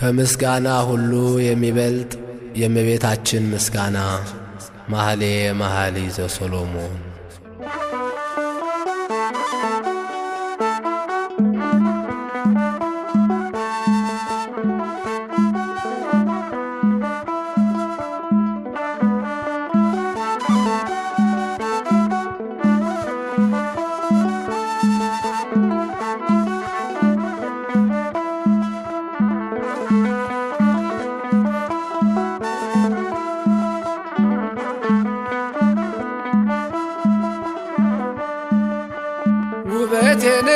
ከምስጋና ሁሉ የሚበልጥ የእመቤታችን ምስጋና። ማህሌ ማህሌ ዘሰሎሞን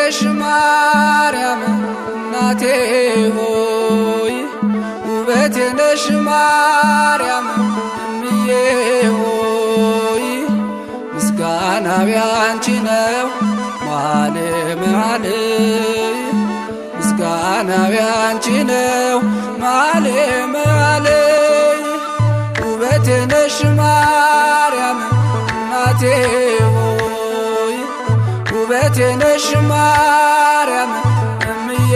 ልጅሽ ማርያም እናቴ ሆይ ውበቴ ነሽ ማርያም እምዬ ሆይ ምስጋና ቢያንቺ ነው ማለ መዓል ምስጋና ቢያንቺ ነው ማለ መዓል ውበቴ ነሽ ማርያም እናቴ ውበቴ ነሽ ማርያም እምዬ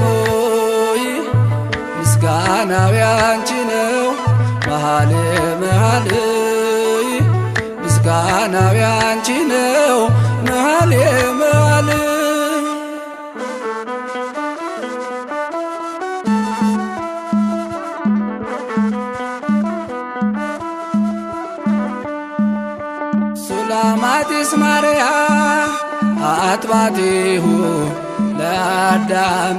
ሆይ ምስጋናው ያንቺ ነው መሀል መሀል ምስጋናው ያንቺ ነው መሀል መሀል ሱላማጢስ ማርያም አጥባቲሁ ለአዳም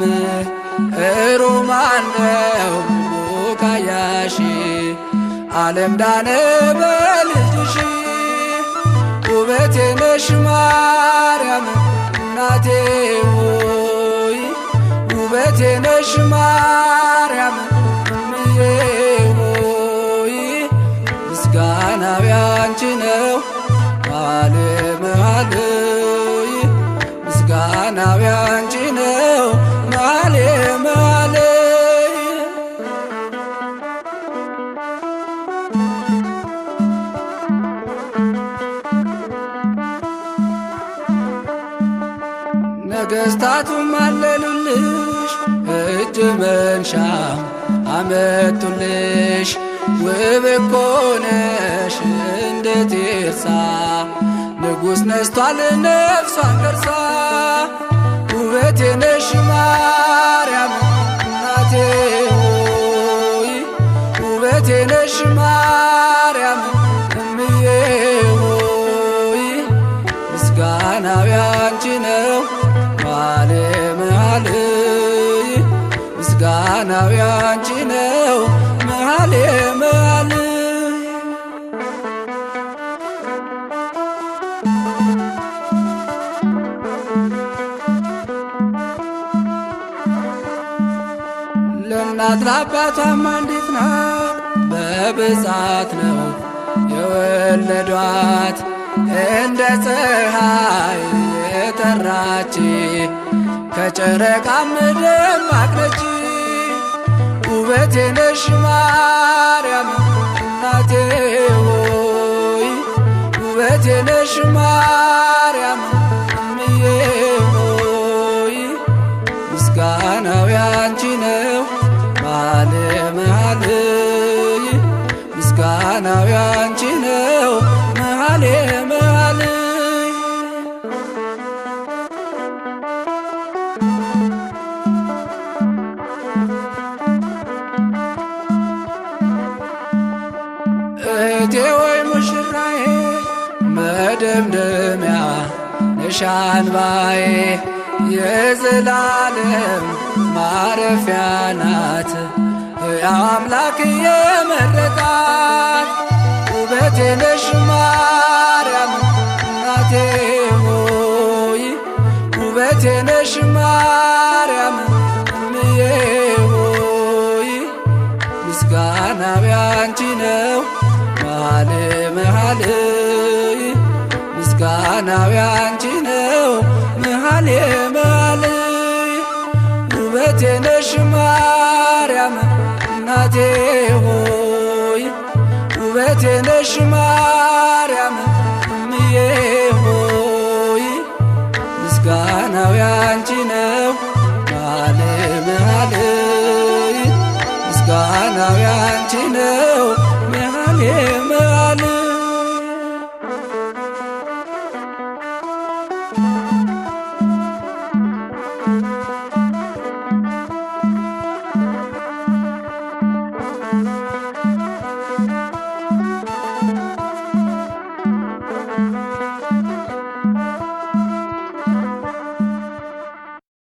እሩማነው ሙካያሺ ዓለም ዳነ በልጅሽ ውበቴ ነሽ ማርያም እናቴ ሆይ ውበቴ ነሽ ማርያም እምዬ ሆይ ምስጋና ነው ሕያው ያንቺ ነው ማሌ ማሌ ነገሥታቱም አለሉልሽ እጅ መንሻ አመቱልሽ ውብ እኮ ነሽ እንደ ቴርሳ ንጉሥ ነስቷል ነፍሷን ገርሳ ውበቴ ነሽ ማርያም እናቴ ሆይ ውበቴ ነሽ ማርያም እምዬ ሆይ ምስጋናው ያንቺ ነው ማሌ ምስጋናው ያንቺ ነው መሃሌ ለእናት ለአባቷም አንዲት ናት፣ በብዛት ነው የወለዷት። እንደ ፀሐይ የጠራች ከጨረቃ ደማቅ ነች። ውበቴ ነሽ ማርያም እናቴ ሆይ ውበቴ ነሽ ማርያም ምስጋናው ያንቺ ነው መሃሌ መሃሌ እቴ ወይ ሙሽራዬ መደምደሚያ ንሻንባዬ የዘላለም ማረፊያ ናት አምላክ የመረጣት ውበቴ ነሽ ማርያም እናቴ ሆይ ውበቴ ነሽ ማርያም እምዬ ሆይ ምስጋና ቢያንቺ ነው መሀል መሀል ምስጋና ቢያንቺ ነው መሀል መሀል ውበቴ ነሽ ማርያም እናቴ ሆይ ውበቴ ነሽ ማርያም እምዬ ሆይ ምስጋናው ያንቺ ነው ምስጋናው ያንቺ ነው